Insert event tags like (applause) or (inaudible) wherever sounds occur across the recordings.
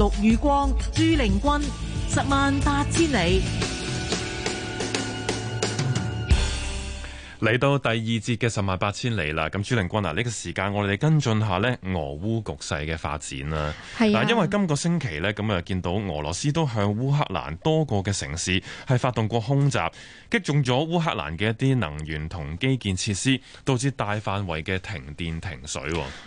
陸羽光、朱靈君，十萬八千里。嚟到第二節嘅十萬八千里啦，咁朱凌君嗱，呢、啊呢個時間我哋跟進下呢俄烏局勢嘅發展啦。係嗱、啊，因為今個星期呢，咁、嗯、啊見到俄羅斯都向烏克蘭多個嘅城市係發動過空襲，擊中咗烏克蘭嘅一啲能源同基建設施，導致大範圍嘅停電停水。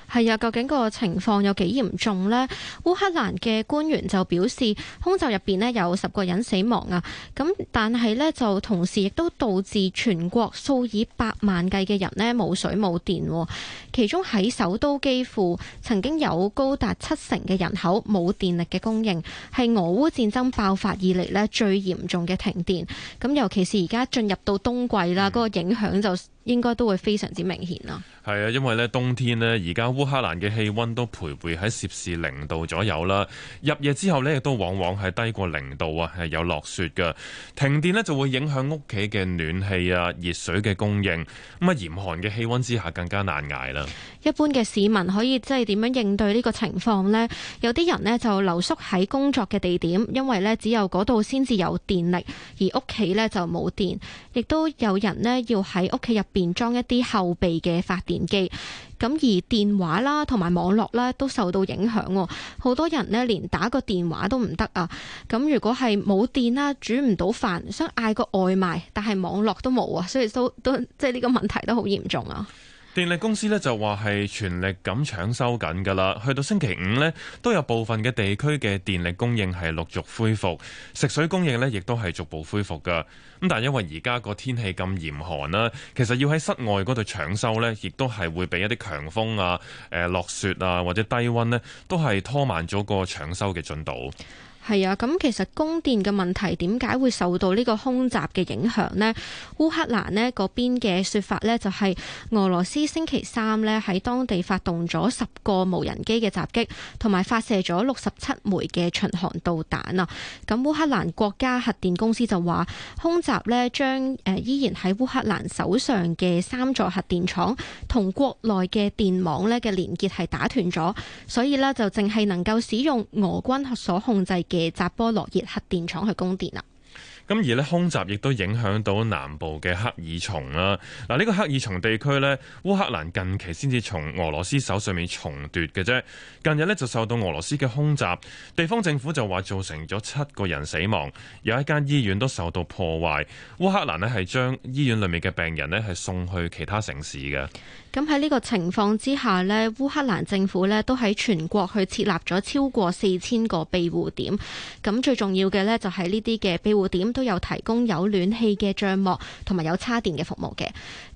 係啊，究竟個情況有幾嚴重呢？烏克蘭嘅官員就表示，空襲入邊呢有十個人死亡啊，咁但係呢，就同時亦都導致全國數以百萬計嘅人呢，冇水冇電，哦，其中喺首都幾乎曾經有高達七成嘅人口冇電力嘅供應，係俄烏戰爭爆發以嚟呢最嚴重嘅停電。咁尤其是而家進入到冬季啦，嗰個影響就。應該都會非常之明顯咯。係啊，因為呢冬天呢，而家烏克蘭嘅氣温都徘徊喺攝氏零度左右啦。入夜之後呢，亦都往往係低過零度啊，係有落雪嘅。停電呢，就會影響屋企嘅暖氣啊、熱水嘅供應。咁啊，嚴寒嘅氣温之下更加難捱啦。一般嘅市民可以即係點樣應對呢個情況呢？有啲人呢，就留宿喺工作嘅地點，因為呢，只有嗰度先至有電力，而屋企呢，就冇電。亦都有人呢，要喺屋企入。便裝一啲後備嘅發電機，咁而電話啦同埋網絡呢都受到影響，好多人呢連打個電話都唔得啊！咁如果係冇電啦，煮唔到飯，想嗌個外賣，但係網絡都冇啊，所以都都即係呢個問題都好嚴重啊！電力公司咧，就話係全力咁搶修緊噶啦，去到星期五咧，都有部分嘅地區嘅電力供應係陸續恢復，食水供應呢亦都係逐步恢復噶。咁但係因為而家個天氣咁嚴寒啦，其實要喺室外嗰度搶修呢，亦都係會俾一啲強風啊、誒、呃、落雪啊或者低溫呢，都係拖慢咗個搶修嘅進度。係啊，咁其實供電嘅問題點解會受到呢個空襲嘅影響呢？烏克蘭呢嗰邊嘅説法呢，就係俄羅斯星期三呢喺當地發動咗十個無人機嘅襲擊，同埋發射咗六十七枚嘅巡航導彈啊。咁烏克蘭國家核電公司就話，空襲呢將誒、呃、依然喺烏克蘭手上嘅三座核電廠同國內嘅電網呢嘅連結係打斷咗，所以呢就淨係能夠使用俄軍所控制嘅扎波羅熱核電廠去供電啦。咁而呢空襲亦都影響到南部嘅赫爾松啦、啊。嗱，呢個赫爾松地區咧，烏克蘭近期先至從俄羅斯手上面重奪嘅啫。近日咧就受到俄羅斯嘅空襲，地方政府就話造成咗七個人死亡，有一間醫院都受到破壞。烏克蘭咧係將醫院裏面嘅病人咧係送去其他城市嘅。咁喺呢個情況之下咧，烏克蘭政府咧都喺全國去設立咗超過四千個庇護點。咁最重要嘅咧就係呢啲嘅庇護點。都有提供有暖氣嘅帳幕同埋有叉電嘅服務嘅。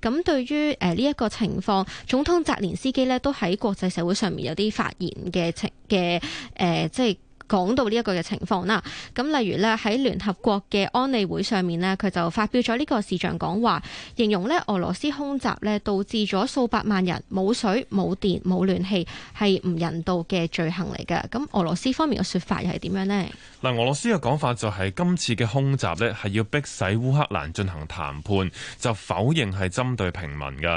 咁對於誒呢一個情況，總統澤連斯基呢都喺國際社會上面有啲發言嘅情嘅誒，即係。講到呢一個嘅情況啦，咁例如呢，喺聯合國嘅安理會上面呢，佢就發表咗呢個視像講話，形容呢俄羅斯空襲呢導致咗數百萬人冇水冇電冇暖氣，係唔人道嘅罪行嚟嘅。咁俄羅斯方面嘅説法又係點樣呢？嗱，俄羅斯嘅講法就係、是、今次嘅空襲呢係要逼使烏克蘭進行談判，就否認係針對平民嘅。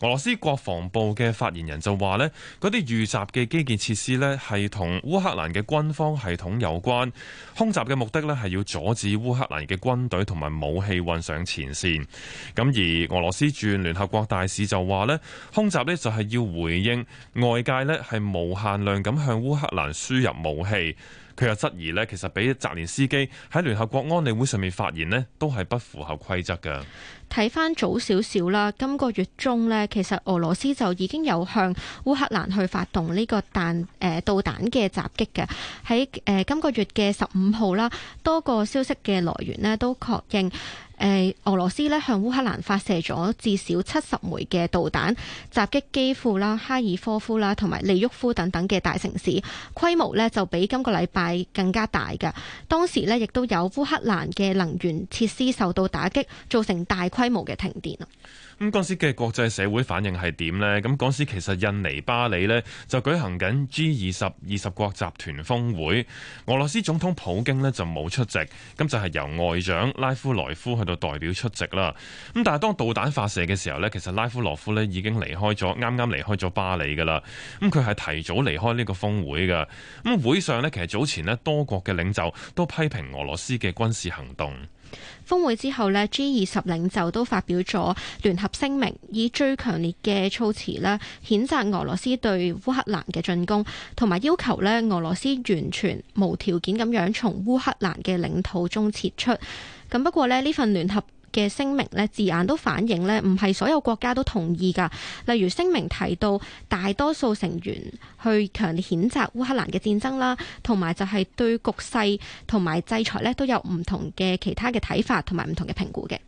俄羅斯國防部嘅發言人就話呢嗰啲遇襲嘅基建設施呢係同烏克蘭嘅軍方。系統有關空襲嘅目的呢，係要阻止烏克蘭嘅軍隊同埋武器運上前線。咁而俄羅斯駐聯合國大使就話呢，空襲呢就係要回應外界，呢係無限量咁向烏克蘭輸入武器。佢又質疑呢，其實俾澤連斯基喺聯合國安理會上面發言呢，都係不符合規則嘅。睇翻早少少啦，今個月中呢，其實俄羅斯就已經有向烏克蘭去發動呢個彈誒、呃、導彈嘅襲擊嘅。喺誒今個月嘅十五號啦，多個消息嘅來源呢，都確認。俄羅斯呢，向烏克蘭發射咗至少七十枚嘅導彈，襲擊基輔啦、哈爾科夫啦、同埋利沃夫等等嘅大城市，規模呢就比今個禮拜更加大㗎。當時呢亦都有烏克蘭嘅能源設施受到打擊，造成大規模嘅停電。咁嗰時嘅國際社會反應係點呢？咁嗰時其實印尼巴里呢就舉行緊 G 二十二十國集團峰會，俄羅斯總統普京呢就冇出席，咁就係、是、由外長拉夫羅夫去到代表出席啦。咁但係當導彈發射嘅時候呢，其實拉夫羅夫呢已經離開咗，啱啱離開咗巴里噶啦。咁佢係提早離開呢個峰會噶。咁會上呢，其實早前咧多國嘅領袖都批評俄羅斯嘅軍事行動。峰會之後呢 G 二十領袖都發表咗聯合聲明，以最強烈嘅措辭呢，譴責俄羅斯對烏克蘭嘅進攻，同埋要求呢俄羅斯完全無條件咁樣從烏克蘭嘅領土中撤出。咁不過呢，呢份聯合嘅聲明呢，字眼都反映呢，唔係所有國家都同意㗎。例如聲明提到大多數成員去強烈譴責烏克蘭嘅戰爭啦，同埋就係對局勢同埋制裁呢都有唔同嘅其他嘅睇法同埋唔同嘅評估嘅。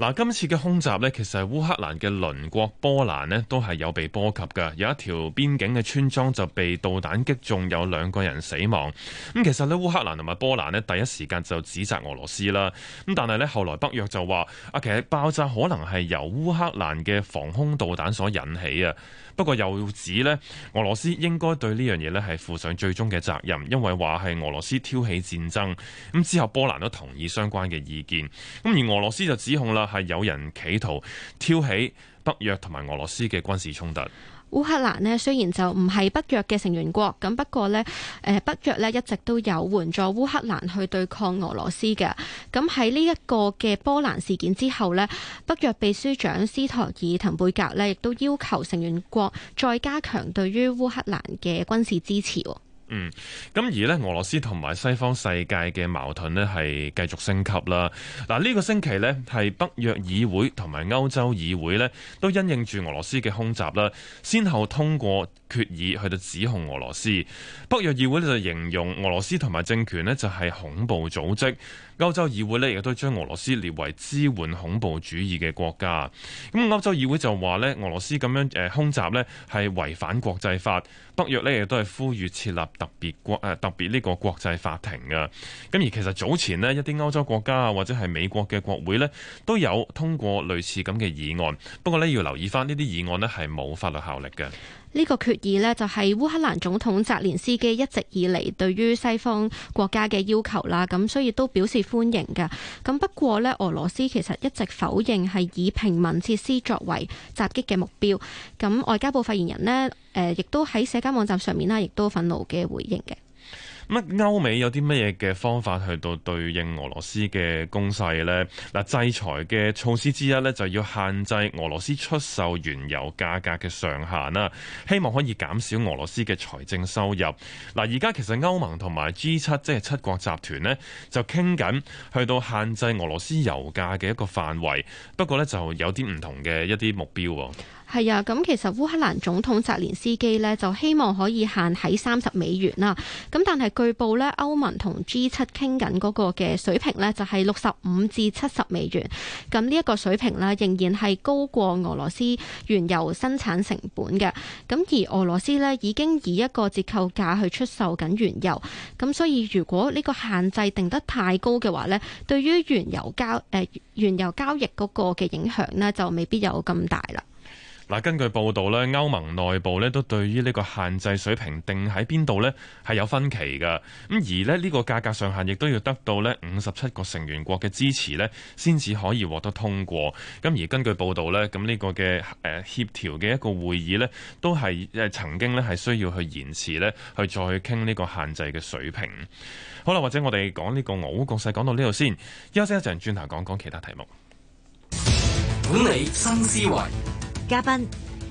嗱，今次嘅空襲呢，其實係烏克蘭嘅鄰國波蘭呢，都係有被波及嘅。有一條邊境嘅村莊就被導彈擊中，有兩個人死亡。咁其實呢，烏克蘭同埋波蘭呢，第一時間就指責俄羅斯啦。咁但係呢，後來北約就話啊，其實爆炸可能係由烏克蘭嘅防空導彈所引起啊。不過又指呢，俄羅斯應該對呢樣嘢呢，係負上最終嘅責任，因為話係俄羅斯挑起戰爭。咁之後，波蘭都同意相關嘅意見。咁而俄羅斯就指控啦。係有人企圖挑起北約同埋俄羅斯嘅軍事衝突。烏克蘭呢，雖然就唔係北約嘅成員國，咁不過呢誒，北約呢一直都有援助烏克蘭去對抗俄羅斯嘅。咁喺呢一個嘅波蘭事件之後呢，北約秘書長斯托爾滕貝格呢亦都要求成員國再加強對於烏克蘭嘅軍事支持。嗯，咁而呢，俄羅斯同埋西方世界嘅矛盾呢係繼續升級啦。嗱，呢個星期呢，係北約議會同埋歐洲議會呢都因應住俄羅斯嘅空襲啦，先後通過決議去到指控俄羅斯。北約議會呢就形容俄羅斯同埋政權呢就係恐怖組織。歐洲議會呢，亦都將俄羅斯列為支援恐怖主義嘅國家。咁歐洲議會就話呢，俄羅斯咁樣誒空襲呢係違反國際法。北約呢亦都係呼籲設立特別國誒特別呢個國際法庭嘅。咁而其實早前呢，一啲歐洲國家或者係美國嘅國會呢，都有通過類似咁嘅議案。不過呢，要留意返呢啲議案呢係冇法律效力嘅。呢個決議呢，就係烏克蘭總統澤連斯基一直以嚟對於西方國家嘅要求啦，咁所以都表示歡迎嘅。咁不過呢，俄羅斯其實一直否認係以平民設施作為襲擊嘅目標。咁外交部發言人呢，誒亦都喺社交網站上面啦，亦都憤怒嘅回應嘅。咁歐美有啲乜嘢嘅方法去到對應俄羅斯嘅攻勢呢？嗱，制裁嘅措施之一呢，就要限制俄羅斯出售原油價格嘅上限啦。希望可以減少俄羅斯嘅財政收入。嗱，而家其實歐盟同埋 G 七即係七國集團呢，就傾緊去到限制俄羅斯油價嘅一個範圍。不過呢，就有啲唔同嘅一啲目標喎。係啊，咁其實烏克蘭總統澤連斯基呢，就希望可以限喺三十美元啦。咁但係據報呢，歐盟同 G 七傾緊嗰個嘅水平呢，就係六十五至七十美元。咁呢一個水平呢，仍然係高過俄羅斯原油生產成本嘅。咁而俄羅斯呢，已經以一個折扣價去出售緊原油。咁所以如果呢個限制定得太高嘅話呢，對於原油交誒、呃、原油交易嗰個嘅影響呢，就未必有咁大啦。嗱，根據報道咧，歐盟內部咧都對於呢個限制水平定喺邊度咧係有分歧嘅。咁而咧呢個價格上限亦都要得到咧五十七個成員國嘅支持咧，先至可以獲得通過。咁而根據報道咧，咁、這、呢個嘅誒協調嘅一個會議咧，都係曾經咧係需要去延遲咧，去再傾呢個限制嘅水平。好啦，或者我哋講呢個俄烏局勢，講到呢度先。休息一陣，轉頭講講其他題目。管理新思維。嘉賓，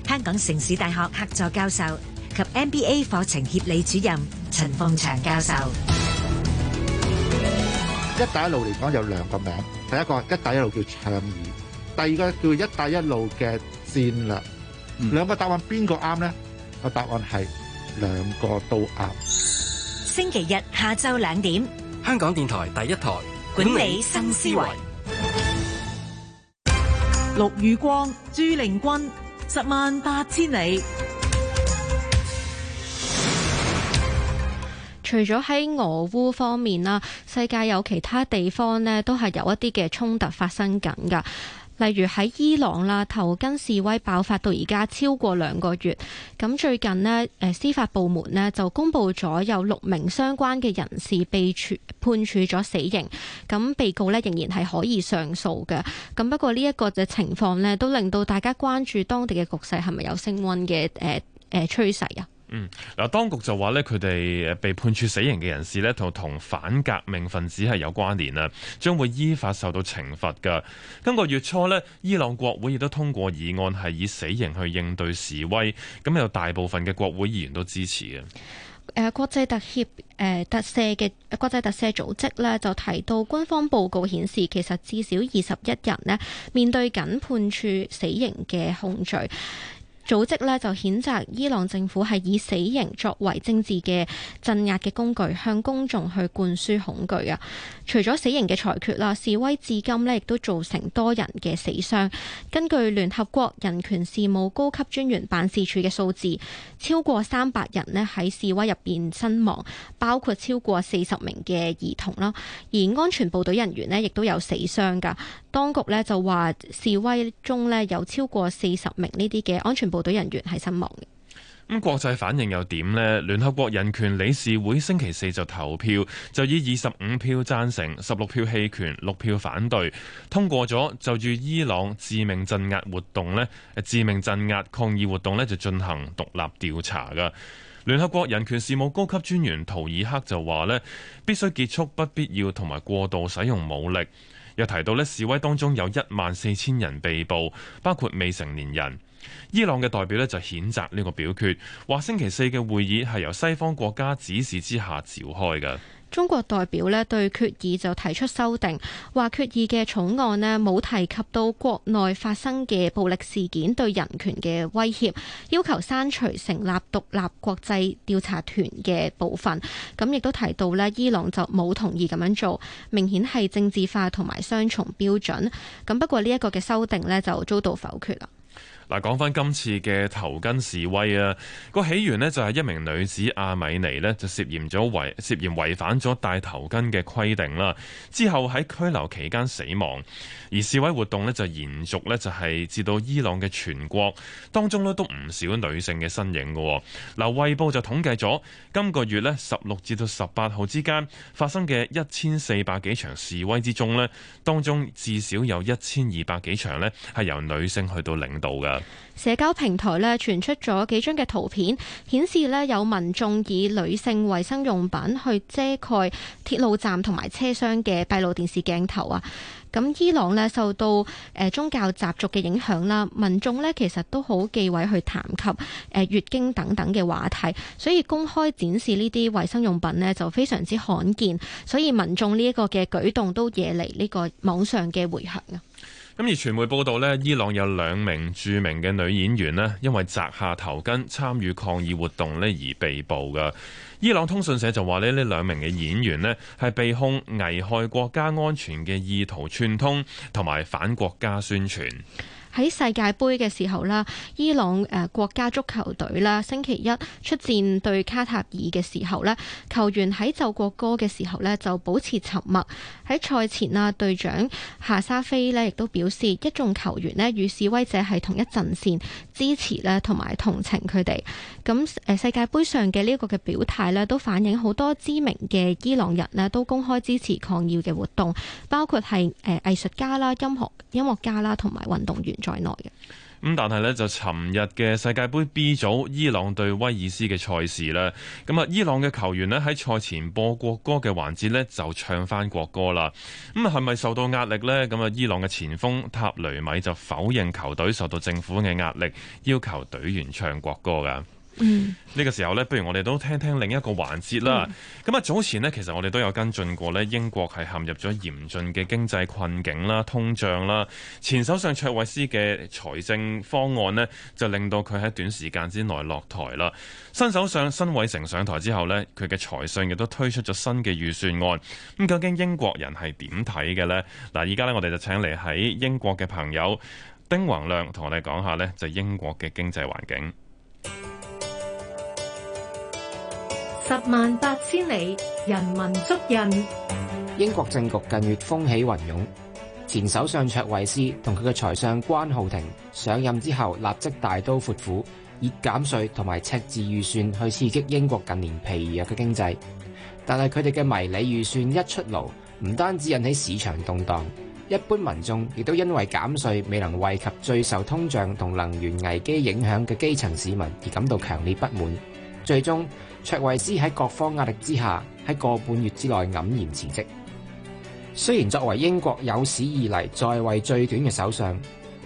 香港城市大學客座教授及 MBA 課程協理主任陳鳳祥教授。一帶一路嚟講有兩個名，第一個一帶一路叫倡議，第二個叫一帶一路嘅戰略。兩個答案邊個啱呢？個答案係兩個都啱。星期日下晝兩點，香港電台第一台，管理新思維。陸宇光、朱玲君，十萬八千里。除咗喺俄烏方面啦，世界有其他地方呢，都係有一啲嘅衝突發生緊㗎。例如喺伊朗啦，頭巾示威爆發到而家超過兩個月，咁最近呢，誒司法部門呢就公布咗有六名相關嘅人士被處判處咗死刑，咁被告咧仍然係可以上訴嘅，咁不過呢一個嘅情況呢，都令到大家關注當地嘅局勢係咪有升溫嘅誒誒趨勢啊？嗯，嗱，當局就話呢佢哋被判處死刑嘅人士呢，同同反革命分子係有關聯啊，將會依法受到懲罰噶。今個月初呢，伊朗國會亦都通過議案，係以死刑去應對示威，咁有大部分嘅國會議員都支持嘅。誒，國際特協誒、呃、特赦嘅國際特赦組織呢，就提到官方報告顯示，其實至少二十一人咧面對緊判處死刑嘅控罪。組織呢就譴責伊朗政府係以死刑作為政治嘅鎮壓嘅工具，向公眾去灌輸恐懼啊！除咗死刑嘅裁決啦，示威至今呢亦都造成多人嘅死傷。根據聯合國人權事務高級專員辦事處嘅數字，超過三百人呢喺示威入邊身亡，包括超過四十名嘅兒童啦。而安全部隊人員呢亦都有死傷㗎。當局呢就話示威中呢有超過四十名呢啲嘅安全部隊人員係身亡嘅咁，國際反應又點呢？聯合國人權理事會星期四就投票，就以二十五票讚成、十六票棄權、六票反對通過咗，就住伊朗致命鎮壓活動咧，致命鎮壓抗議活動咧，就進行獨立調查。噶聯合國人權事務高級專員圖爾克就話咧，必須結束不必要同埋過度使用武力，又提到咧，示威當中有一萬四千人被捕，包括未成年人。伊朗嘅代表呢，就譴責呢個表決，話星期四嘅會議係由西方國家指示之下召開嘅。中國代表呢，對決議就提出修訂，話決議嘅草案呢，冇提及到國內發生嘅暴力事件對人權嘅威脅，要求刪除成立獨立國際調查團嘅部分。咁亦都提到呢，伊朗就冇同意咁樣做，明顯係政治化同埋雙重標準。咁不過呢一個嘅修訂呢，就遭到否決啦。嗱，講翻今次嘅頭巾示威啊，個起源呢就係一名女子阿米尼呢，就涉嫌咗違涉嫌違反咗戴頭巾嘅規定啦。之後喺拘留期間死亡，而示威活動呢就延續呢就係、是、至到伊朗嘅全國，當中呢都唔少女性嘅身影嘅。嗱，衞報就統計咗今個月呢，十六至到十八號之間發生嘅一千四百幾場示威之中呢，當中至少有一千二百幾場呢係由女性去到領導㗎。社交平台咧傳出咗幾張嘅圖片，顯示咧有民眾以女性衛生用品去遮蓋鐵路站同埋車廂嘅閉路電視鏡頭啊。咁伊朗咧受到誒宗教習俗嘅影響啦，民眾咧其實都好忌諱去談及誒月經等等嘅話題，所以公開展示呢啲衛生用品咧就非常之罕見，所以民眾呢一個嘅舉動都惹嚟呢個網上嘅回響啊。咁而傳媒報道咧，伊朗有兩名著名嘅女演員咧，因為摘下頭巾參與抗議活動咧而被捕嘅。伊朗通訊社就話咧，呢兩名嘅演員咧係被控危害國家安全嘅意圖串通同埋反國家宣傳。喺世界盃嘅時候啦，伊朗誒國家足球隊啦，星期一出戰對卡塔爾嘅時候呢，球員喺奏國歌嘅時候呢就保持沉默。喺賽前啊，隊長夏沙菲呢亦都表示，一眾球員呢與示威者係同一陣線，支持呢同埋同情佢哋。咁誒世界盃上嘅呢個嘅表態呢都反映好多知名嘅伊朗人呢都公開支持抗議嘅活動，包括係誒藝術家啦、音樂音樂家啦同埋運動員。在內嘅，咁但係呢，就尋日嘅世界盃 B 組伊朗對威爾斯嘅賽事啦，咁啊伊朗嘅球員呢，喺賽前播國歌嘅環節呢，就唱翻國歌啦，咁係咪受到壓力呢？咁啊伊朗嘅前鋒塔雷米就否認球隊受到政府嘅壓力，要求隊員唱國歌噶。呢、嗯、個時候呢，不如我哋都聽聽另一個環節啦。咁啊、嗯，早前呢，其實我哋都有跟進過呢英國係陷入咗嚴峻嘅經濟困境，啦、通脹啦。前首相卓慧思嘅財政方案呢，就令到佢喺短時間之內落台啦。新首相辛偉誠上台之後呢，佢嘅財相亦都推出咗新嘅預算案。咁、嗯、究竟英國人係點睇嘅呢？嗱，依家呢，我哋就請嚟喺英國嘅朋友丁宏亮同我哋講下呢，就係，英國嘅經濟環境。十萬八千里，人文足印。英國政局近月風起雲湧，前首相卓慧思同佢嘅財相關浩庭上任之後，立即大刀闊斧，以減稅同埋赤字預算去刺激英國近年疲弱嘅經濟。但係佢哋嘅迷你預算一出爐，唔單止引起市場動盪，一般民眾亦都因為減稅未能惠及最受通脹同能源危機影響嘅基層市民，而感到強烈不滿。最終，卓維斯喺各方壓力之下，喺個半月之內黯然辭職。雖然作為英國有史以嚟在位最短嘅首相，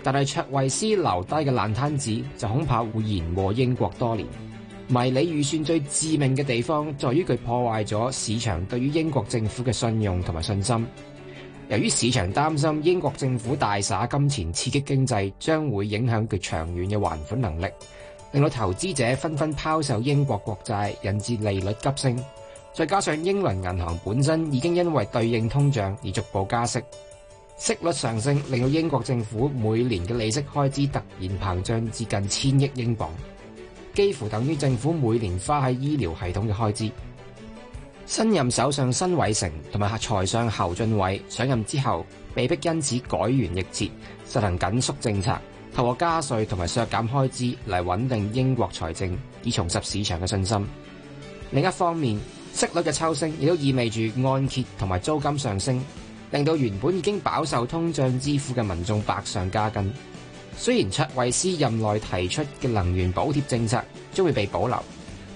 但係卓維斯留低嘅爛攤子就恐怕會延禍英國多年。迷你預算最致命嘅地方，在於佢破壞咗市場對於英國政府嘅信用同埋信心。由於市場擔心英國政府大灑金錢刺激經濟，將會影響佢長遠嘅還款能力。令到投資者紛紛拋售英國國債，引致利率急升。再加上英倫銀行本身已經因為對應通脹而逐步加息，息率上升令到英國政府每年嘅利息開支突然膨脹至近千億英鎊，幾乎等於政府每年花喺醫療系統嘅開支。新任首相辛偉誠同埋財相侯俊偉上任之後，被迫因此改弦易轍，實行緊縮政策。透過加稅同埋削減開支嚟穩定英國財政，以重拾市場嘅信心。另一方面，息率嘅抽升亦都意味住按揭同埋租金上升，令到原本已經飽受通脹之苦嘅民眾百上加斤。雖然卓慧斯任內提出嘅能源補貼政策將會被保留，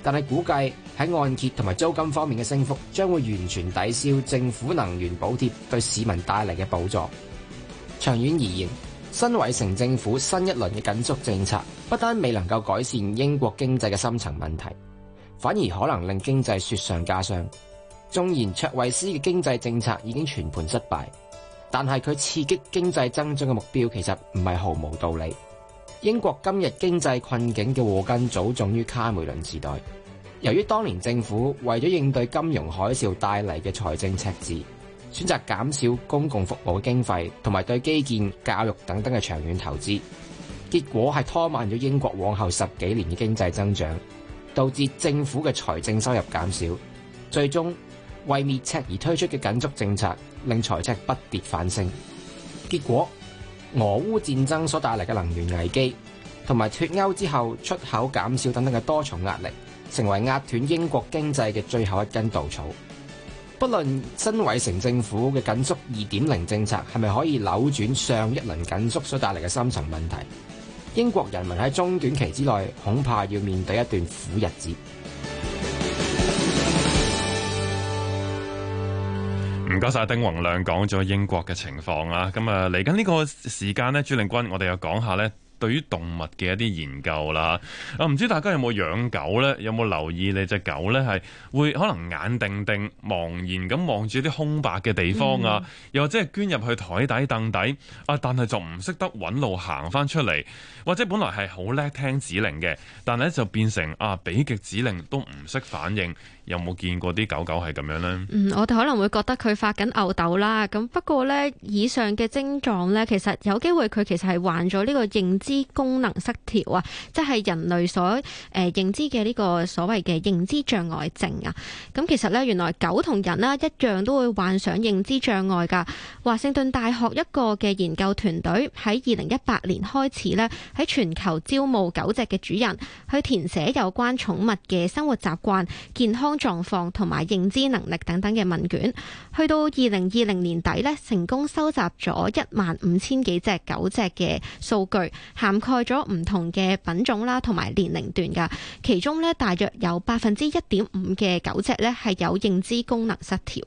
但係估計喺按揭同埋租金方面嘅升幅將會完全抵消政府能源補貼對市民帶嚟嘅補助。長遠而言，辛偉誠政府新一輪嘅緊縮政策，不單未能夠改善英國經濟嘅深層問題，反而可能令經濟雪上加霜。縱然卓慧思嘅經濟政策已經全盤失敗，但係，佢刺激經濟增長嘅目標其實唔係毫無道理。英國今日經濟困境嘅禍根早種於卡梅倫時代，由於當年政府為咗應對金融海嘯帶嚟嘅財政赤字。選擇減少公共服務嘅經費，同埋對基建、教育等等嘅長遠投資，結果係拖慢咗英國往後十幾年嘅經濟增長，導致政府嘅財政收入減少，最終為滅赤而推出嘅緊縮政策，令財赤不跌反升。結果，俄烏戰爭所帶嚟嘅能源危機，同埋脫歐之後出口減少等等嘅多重壓力，成為壓斷英國經濟嘅最後一根稻草。不論辛偉誠政府嘅緊縮二點零政策係咪可以扭轉上一輪緊縮所帶嚟嘅深層問題，英國人民喺中短期之內恐怕要面對一段苦日子。唔該晒丁宏量講咗英國嘅情況啊，咁啊嚟緊呢個時間呢，朱令君我哋又講下呢。對於動物嘅一啲研究啦，啊唔知大家有冇養狗呢？有冇留意你隻狗呢？係會可能眼定定、茫然咁望住啲空白嘅地方啊？嗯、又或者係捐入去枱底、凳底啊？但係就唔識得揾路行翻出嚟，或者本來係好叻聽指令嘅，但係就變成啊俾極指令都唔識反應。有冇見過啲狗狗係咁樣呢？嗯，我哋可能會覺得佢發緊吽哣啦。咁不過呢，以上嘅症狀呢，其實有機會佢其實係患咗呢個認知功能失調啊，即係人類所誒、呃、認知嘅呢個所謂嘅認知障礙症啊。咁其實呢，原來狗同人呢一樣都會患上認知障礙㗎。華盛頓大學一個嘅研究團隊喺二零一八年開始呢，喺全球招募狗隻嘅主人去填寫有關寵物嘅生活習慣、健康狀況同埋認知能力等等嘅問卷，去到二零二零年底呢，成功收集咗一萬五千幾隻狗隻嘅數據，涵蓋咗唔同嘅品種啦，同埋年齡段噶。其中呢，大約有百分之一點五嘅狗隻呢係有認知功能失調。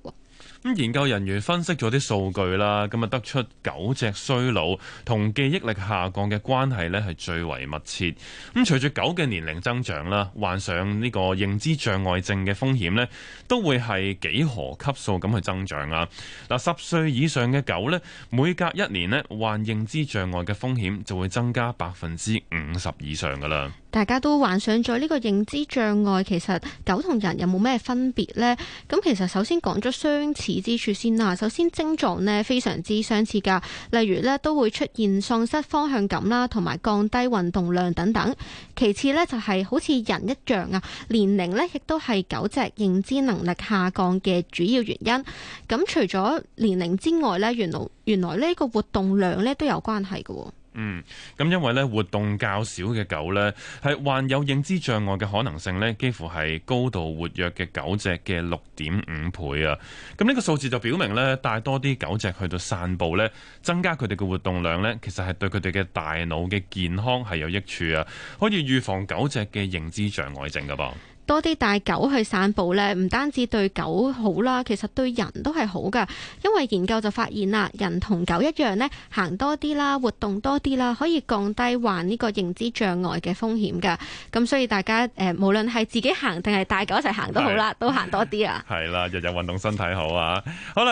咁研究人員分析咗啲數據啦，咁啊得出狗隻衰老同記憶力下降嘅關係呢係最為密切。咁隨住狗嘅年齡增長啦，患上呢個認知障礙症嘅風險呢，都會係幾何級數咁去增長啊！嗱，十歲以上嘅狗呢，每隔一年呢，患認知障礙嘅風險就會增加百分之五十以上噶啦。大家都患上咗呢個認知障礙，其實狗同人有冇咩分別呢？咁其實首先講咗相似之處先啦。首先症狀呢非常之相似噶，例如呢都會出現喪失方向感啦，同埋降低運動量等等。其次呢，就係、是、好似人一樣啊，年齡呢亦都係狗隻認知能力下降嘅主要原因。咁除咗年齡之外呢，原來原來呢、這個活動量呢都有關係嘅、哦。嗯，咁因為咧活動較少嘅狗咧係患有認知障礙嘅可能性咧，幾乎係高度活躍嘅狗隻嘅六點五倍啊！咁呢個數字就表明咧，帶多啲狗隻去到散步咧，增加佢哋嘅活動量咧，其實係對佢哋嘅大腦嘅健康係有益處啊，可以預防狗隻嘅認知障礙症㗎噃。多啲帶狗去散步咧，唔單止對狗好啦，其實對人都係好噶。因為研究就發現啦，人同狗一樣咧，行多啲啦，活動多啲啦，可以降低患呢個認知障礙嘅風險噶。咁所以大家誒，無論係自己行定係帶狗一齊行都好啦，是都行多啲啊。係啦， (laughs) 日日運動身體好啊。好啦。